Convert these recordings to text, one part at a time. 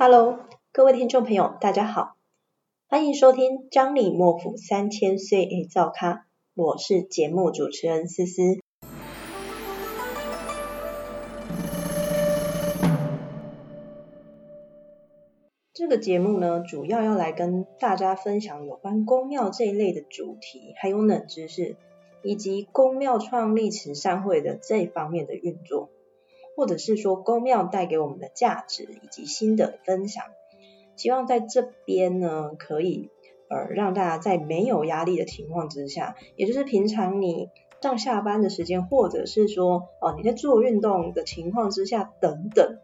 哈嘍，各位聽眾朋友，大家好，歡迎收聽張李莫府三千歲 A 造咖，我是節目主持人思思。這個節目呢，主要要來跟大家分享有關宮廟這一類的主題，還有冷知識，以及宮廟創立慈善會的這方面的運作。或者是說宮廟帶給我們的價值以及心得的分享，希望在這邊呢，可以呃讓大家在沒有壓力的情況之下，也就是平常你上下班的時間，或者是說哦你在做運動的情況之下等等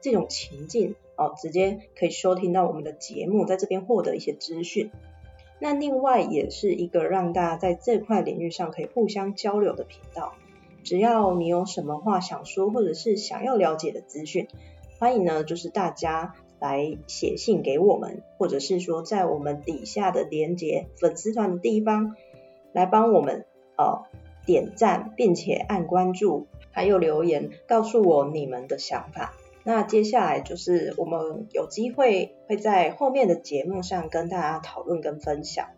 這種情境哦，直接可以收聽到我們的節目，在這邊獲得一些資訊。那另外也是一個讓大家在這塊領域上可以互相交流的頻道。只要你有什麼話想說，或者是想要了解的資訊，歡迎呢，就是大家來寫信給我們，或者是說在我們底下的連結粉絲團的地方來幫我們哦、呃、點讚，並且按關注，還有留言告訴我你們的想法。那接下來就是我們有機會會在後面的節目上跟大家討論跟分享。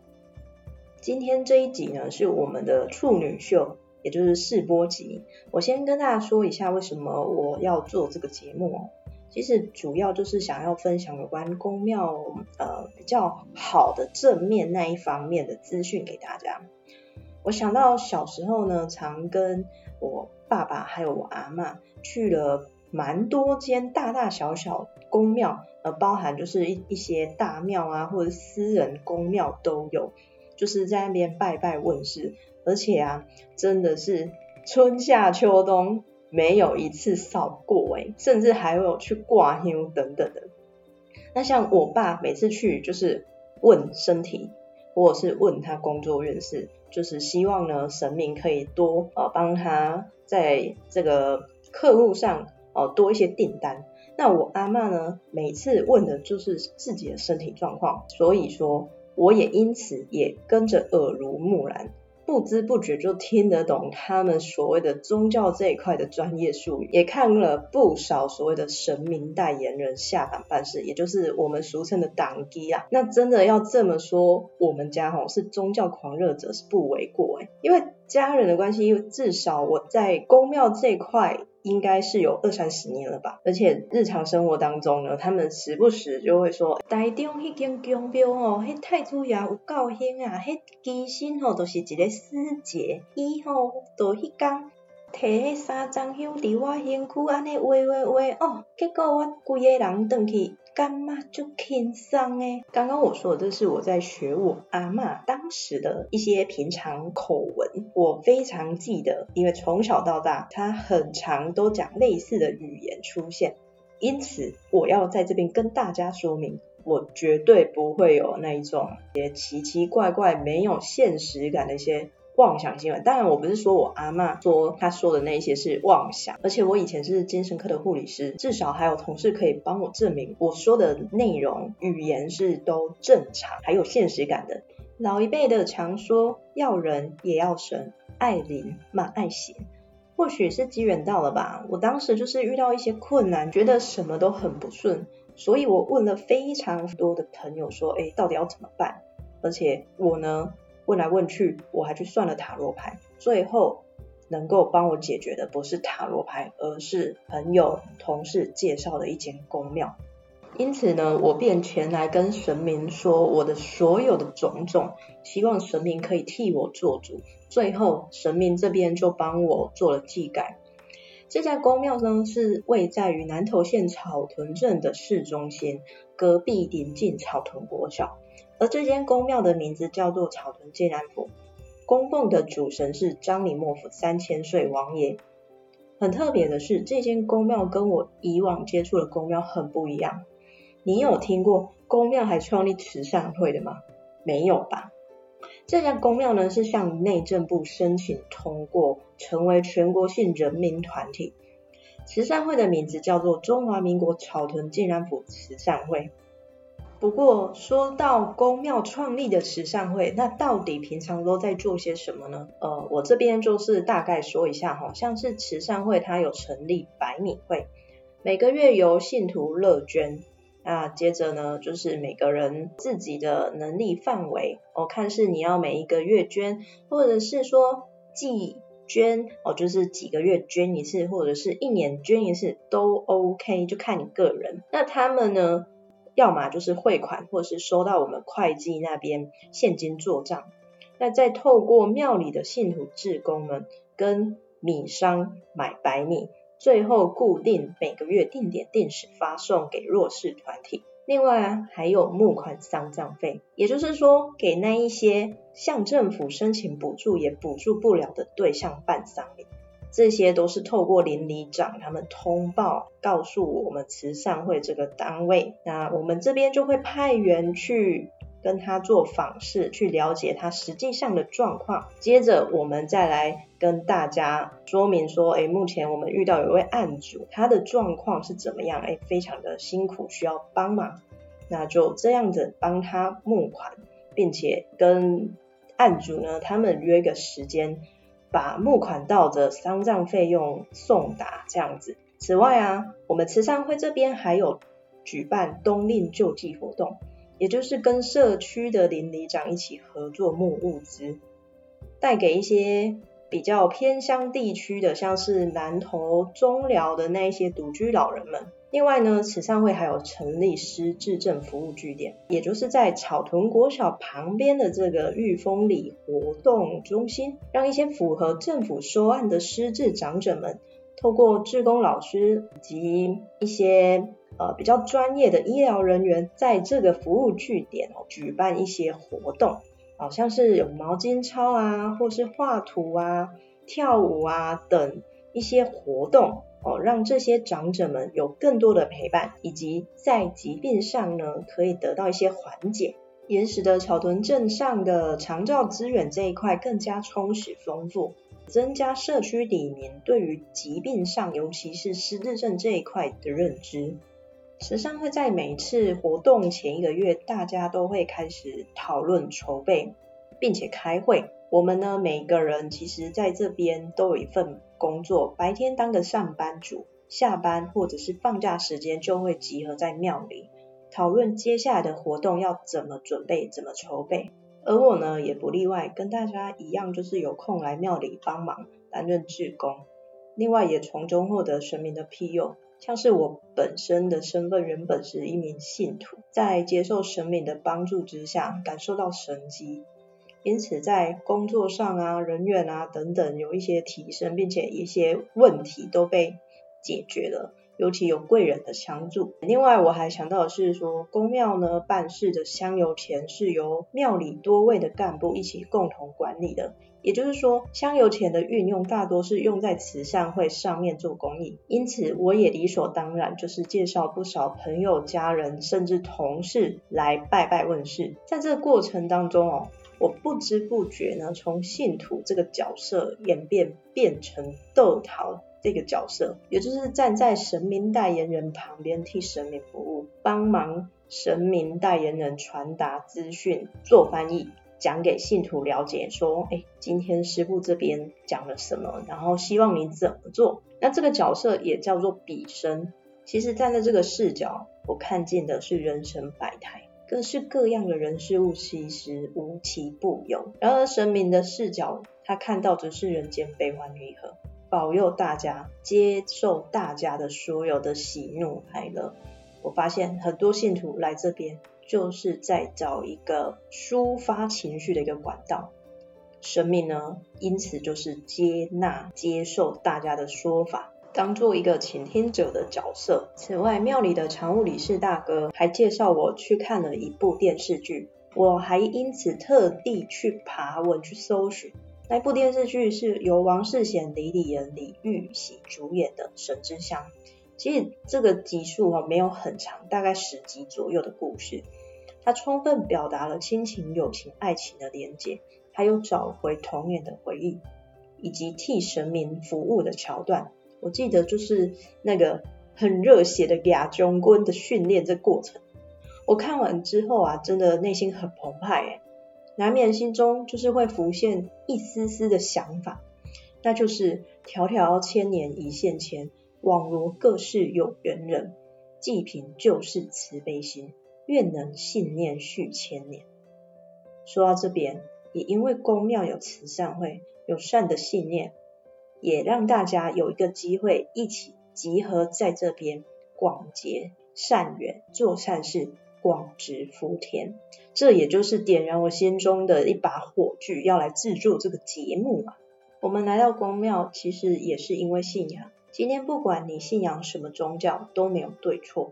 今天這一集呢，是我們的處女秀。也就是試播集，我先跟大家說一下為什麼我要做這個節目哦。其實主要就是想要分享有關宮廟呃比較好的正面那一方面的資訊給大家。我想到小時候呢，常跟我爸爸還有我阿媽去了蠻多間大大小小宮廟，呃，包含就是一一些大廟啊，或者私人宮廟都有，就是在那邊拜拜問事。而且啊，真的是春夏秋冬沒有一次少過哎、欸，甚至還有去掛香等等的。那像我爸每次去就是問身體，或者是問他工作運勢，就是希望呢神明可以多呃幫他在這個客戶上呃多一些訂單。那我阿媽呢，每次問的就是自己的身體狀況，所以說我也因此也跟着耳濡目染。不知不覺就聽得懂他們所謂的宗教這一塊的專業術語，也看了不少所謂的神明代言人下凡辦事，也就是我們俗稱的童乩啊。那真的要這麼說，我們家吼是宗教狂熱者是不為過，欸，因為家人的關係，因為至少我在宮廟這一塊。應該是有二三十年了吧，而且日常生活當中呢，他們時不時就會說，台中那間宮廟哦，那太祖也有高興啊，那乩身吼都是一個師姐，伊吼都迄講。三張香佇我身軀安尼畫畫畫哦，結果我規個人轉去，干嘛足輕鬆的？剛剛我說的這是我在學我阿嬤當時的一些平常口吻，我非常記得，因為從小到大他很常都講類似的語言出現，因此我要在這邊跟大家說明，我絕對不會有那一種也奇奇怪怪、沒有現實感的一些。妄想型。當然我不是說我阿媽說她說的那些是妄想，而且我以前是精神科的護理師，至少還有同事可以幫我證明我說的內容語言是都正常，還有現實感的。老一輩的常說要人也要神，愛靈嘛愛邪，或許是機緣到了吧。我當時就是遇到一些困難，覺得什麼都很不順，所以我問了非常多的朋友說，哎，到底要怎麼辦？而且我呢？問來問去，我還去算了塔羅牌，最後能夠幫我解決的不是塔羅牌，而是朋友同事介紹的一間宮廟。因此呢，我便前來跟神明說我的所有的種種，希望神明可以替我做主。最後神明這邊就幫我做了祭改。這間宮廟呢，是位在於南投縣草屯鎮的市中心，隔壁鄰近草屯國小。而這間宮廟的名字叫做草屯進安府，供奉的主神是張李莫府三千歲王爺。很特別的是，這間宮廟跟我以往接觸的宮廟很不一樣。你有聽過宮廟還創立慈善會的嗎？沒有吧？這家宮廟呢是向內政部申請通過，成為全國性人民團體。慈善會的名字叫做中華民國草屯進安府慈善會。不過說到宮廟創立的慈善會，那到底平常都在做些什麼呢？呃，我這邊就是大概說一下，好像是慈善會它有成立百米會，每個月由信徒樂捐，那接着呢就是每個人自己的能力範圍，我看是你要每一個月捐，或者是說季捐，哦就是幾個月捐一次，或者是一年捐一次都 OK，就看你個人。那他們呢？要麼就是匯款，或是收到我們會計那邊現金做賬，那再透過廟裡的信徒志工們跟米商買白米，最後固定每個月定點定時發送給弱勢團體。另外啊，還有募款喪葬費，也就是說，給那一些向政府申請補助也補助不了的對象辦喪禮。這些都是透過鄰里長他們通報，告訴我們慈善會這個單位，那我們這邊就會派員去跟他做訪視，去了解他實際上的狀況。接着我們再來跟大家說明說，誒，目前我們遇到有一位案主，他的狀況是怎麼樣？誒，非常的辛苦，需要幫忙。那就這樣子幫他募款，並且跟案主呢，他們約一個時間。把募款到的喪葬費用送達這樣子。此外啊，我們慈善會這邊還有舉辦冬令救濟活動，也就是跟社區的鄰里長一起合作募物資，帶給一些比較偏鄉地區的，像是南投、中寮的那一些獨居老人們。另外呢，慈善會還有成立失智症服務據點，也就是在草屯國小旁邊的這個玉峰裡活動中心，讓一些符合政府收案的失智長者們，透過志工老師以及一些呃比較專業的醫療人員，在這個服務據點、哦、舉辦一些活動，好、哦、像是有毛巾操啊，或是畫圖啊、跳舞啊等一些活動。哦，讓這些長者們有更多的陪伴，以及在疾病上呢，可以得到一些緩解，也使得草屯鎮上的長照資源這一塊更加充實豐富，增加社區裡面對於疾病上，尤其是失智症這一塊的認知。慈善會在每一次活動前一個月，大家都會開始討論籌備，並且開會。我們呢，每個人其實在這邊都有一份。工作，白天當個上班族，下班或者是放假時間就會集合在廟裡討論接下來的活動要怎麼準備、怎麼籌備。而我呢，也不例外，跟大家一樣，就是有空來廟裡幫忙擔任志工，另外也從中獲得神明的庇佑。像是我本身的身份原本是一名信徒，在接受神明的幫助之下，感受到神蹟。因此，在工作上啊、人員啊等等有一些提升，並且一些問題都被解決了，尤其有貴人的相助。另外，我還想到的是說，宮廟呢，辦事的香油錢是由廟裡多位的幹部一起共同管理的。也就是說，香油錢的運用大多是用在慈善會上面做公益。因此，我也理所當然就是介紹不少朋友、家人甚至同事來拜拜問事，在這個過程當中哦。我不知不覺呢，從信徒這個角色演變變成豆桃這個角色，也就是站在神明代言人旁邊，替神明服務，幫忙神明代言人傳達資訊，做翻譯，講給信徒了解，說，哎，今天師父這邊講了什麼，然後希望你怎麼做。那這個角色也叫做筆生。其實站在這個視角，我看見的是人生百態。各式各樣的人事物其實無奇不有。然而神明的視角，他看到的是人間悲歡離合，保佑大家，接受大家的所有的喜怒哀樂。我發現很多信徒來這邊，就是在找一個抒發情緒的一個管道。神明呢，因此就是接納、接受大家的說法。當做一個傾聽者的角色。此外，廟裡的常務理事大哥還介紹我去看了一部電視劇，我還因此特地去爬文去搜尋。那部電視劇是由王識賢、李李仁、李玉璽主演的《神之鄉》。其實這個集數啊，沒有很長，大概十集左右的故事，它充分表達了親情、友情、愛情的連接，還有找回童年的回憶，以及替神明服務的橋段。我記得就是那個很熱血的亞中坤的訓練這個過程，我看完之後啊，真的內心很澎湃哎、欸，難免心中就是會浮現一絲絲的想法，那就是迢迢千年一線牽，網羅各世有緣人，濟貧就是慈悲心，願能信念續千年。說到這邊，也因為宮廟有慈善會，有善的信念，也讓大家有一個機會一起集合在這邊廣結善緣，做善事，廣植福田。這也就是點燃我心中的一把火炬，要來制作這個節目嘛。我們來到宮廟，其實也是因為信仰。今天不管你信仰什麼宗教，都沒有對錯，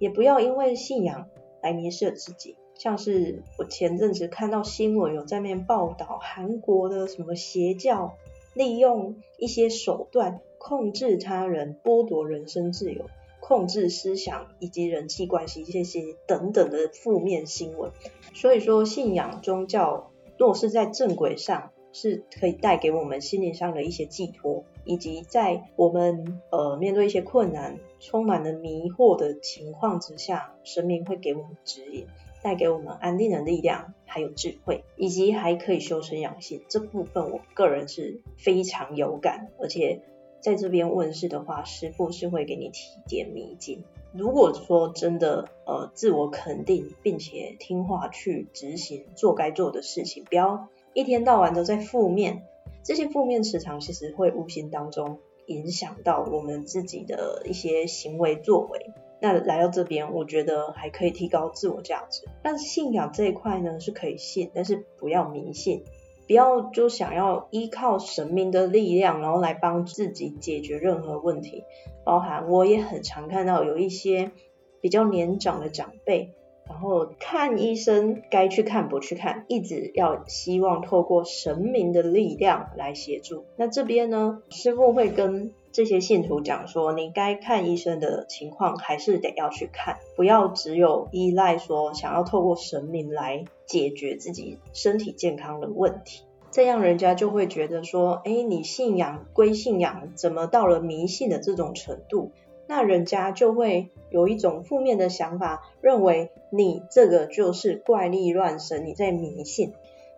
也不要因為信仰來迷失了自己。像是我前陣子看到新聞有在面報道韓國的什麼邪教。利用一些手段控制他人，剝奪人身自由、控制思想以及人際關係，這些等等的負面新聞。所以說，信仰宗教若是在正軌上，是可以帶給我們心靈上的一些寄托，以及在我們呃面對一些困難、充滿了迷惑的情況之下，神明會給我們指引。帶給我們安定的力量，還有智慧，以及還可以修身養性這部分，我個人是非常有感。而且在這邊問事的話，師父是會給你提點迷津。如果說真的呃自我肯定，並且聽話去執行，做該做的事情，不要一天到晚都在負面，這些負面磁場其實會無形當中影響到我們自己的一些行為作為。那來到這邊，我覺得還可以提高自我價值。但是信仰這一塊呢，是可以信，但是不要迷信，不要就想要依靠神明的力量，然後來幫自己解決任何問題。包含我也很常看到有一些比較年長的長輩，然後看醫生該去看不去看，一直要希望透過神明的力量來協助。那這邊呢，師父會跟這些信徒講說，你該看醫生的情況，還是得要去看，不要只有依賴說想要透過神明來解決自己身體健康的問題。這樣人家就會覺得說，哎，你信仰歸信仰，怎麼到了迷信的這種程度？那人家就會有一種負面的想法，認為你這個就是怪力亂神，你在迷信。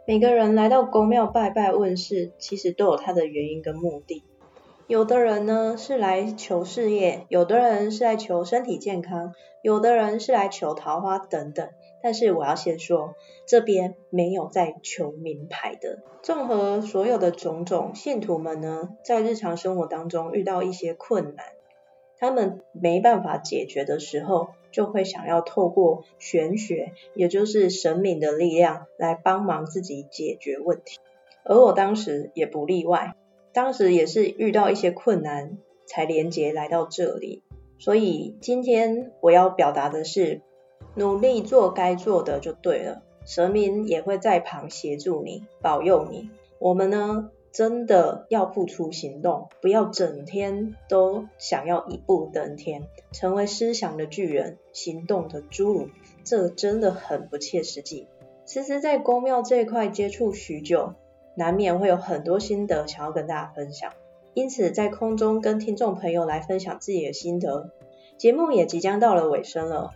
每個人來到宮廟拜拜問事，其實都有他的原因跟目的。有的人呢是來求事業，有的人是來求身體健康，有的人是來求桃花等等。但是我要先說，這邊沒有在求名牌的。綜合所有的種種，信徒們呢在日常生活當中遇到一些困難，他們沒辦法解決的時候，就會想要透過玄學，也就是神明的力量來幫忙自己解決問題。而我當時也不例外。當時也是遇到一些困難，才聯結來到這裡。所以今天我要表達的是，努力做該做的就對了，神明也會在旁協助你，保佑你。我們呢，真的要付出行動，不要整天都想要一步登天，成為思想的巨人，行動的侏儒，這真的很不切實際。絲絲在宮廟這一塊接觸許久。難免會有很多心得想要跟大家分享，因此在空中跟聽眾朋友來分享自己的心得。節目也即將到了尾聲了，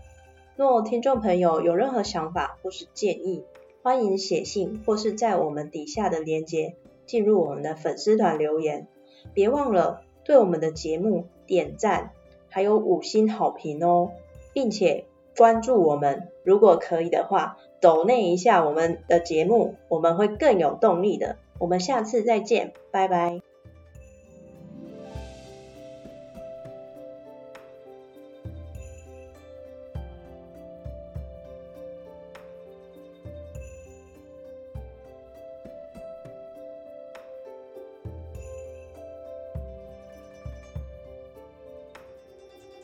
若聽眾朋友有任何想法或是建議，歡迎寫信或是在我們底下的鏈接進入我們的粉絲團留言。別忘了對我們的節目點讚，還有五星好評哦，並且。關注我們，如果可以的話，抖內一下我們的節目，我們會更有動力的。我們下次再見，拜拜。